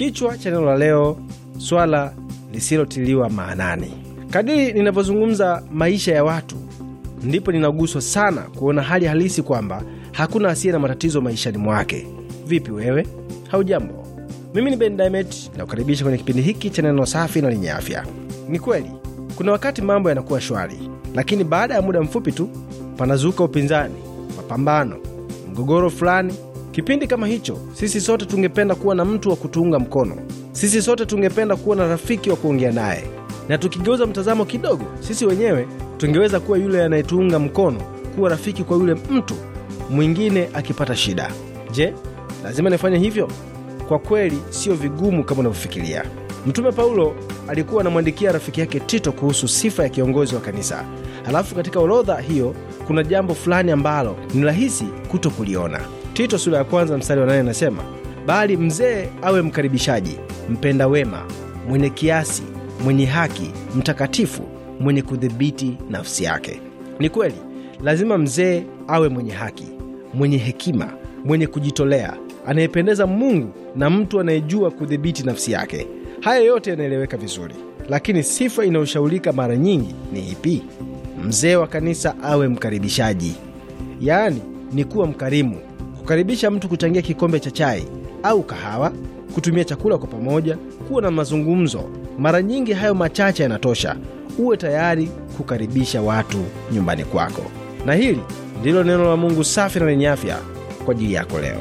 Kichwa cha neno la leo, swala lisilotiliwa maanani. Kadiri ninavyozungumza maisha ya watu, ndipo ninaguswa sana kuona hali halisi kwamba hakuna asiye na matatizo maishani mwake. Vipi wewe, haujambo? Mimi ni Ben Dimet na kukaribisha kwenye kipindi hiki cha neno safi na lenye afya. Ni kweli kuna wakati mambo yanakuwa shwari, lakini baada ya muda mfupi tu panazuka upinzani, mapambano, mgogoro fulani Kipindi kama hicho, sisi sote tungependa kuwa na mtu wa kutuunga mkono. Sisi sote tungependa kuwa na rafiki wa kuongea naye, na tukigeuza mtazamo kidogo, sisi wenyewe tungeweza kuwa yule anayetuunga mkono, kuwa rafiki kwa yule mtu mwingine akipata shida. Je, lazima nifanye hivyo? Kwa kweli sio vigumu kama unavyofikiria. Mtume Paulo alikuwa anamwandikia rafiki yake Tito kuhusu sifa ya kiongozi wa kanisa. Halafu katika orodha hiyo kuna jambo fulani ambalo ni rahisi kuto kuliona. Tito sura ya kwanza mstari wa nane anasema bali mzee awe mkaribishaji, mpenda wema, mwenye kiasi, mwenye haki, mtakatifu, mwenye kudhibiti nafsi yake. Ni kweli lazima mzee awe mwenye haki, mwenye hekima, mwenye kujitolea, anayependeza Mungu na mtu anayejua kudhibiti nafsi yake. Haya yote yanaeleweka vizuri, lakini sifa inayoshaulika mara nyingi ni ipi? Mzee wa kanisa awe mkaribishaji, yaani ni kuwa mkarimu kukaribisha mtu kuchangia kikombe cha chai au kahawa, kutumia chakula kwa pamoja, kuwa na mazungumzo. Mara nyingi hayo machache yanatosha. Uwe tayari kukaribisha watu nyumbani kwako, na hili ndilo neno la Mungu safi na lenye afya kwa ajili yako leo.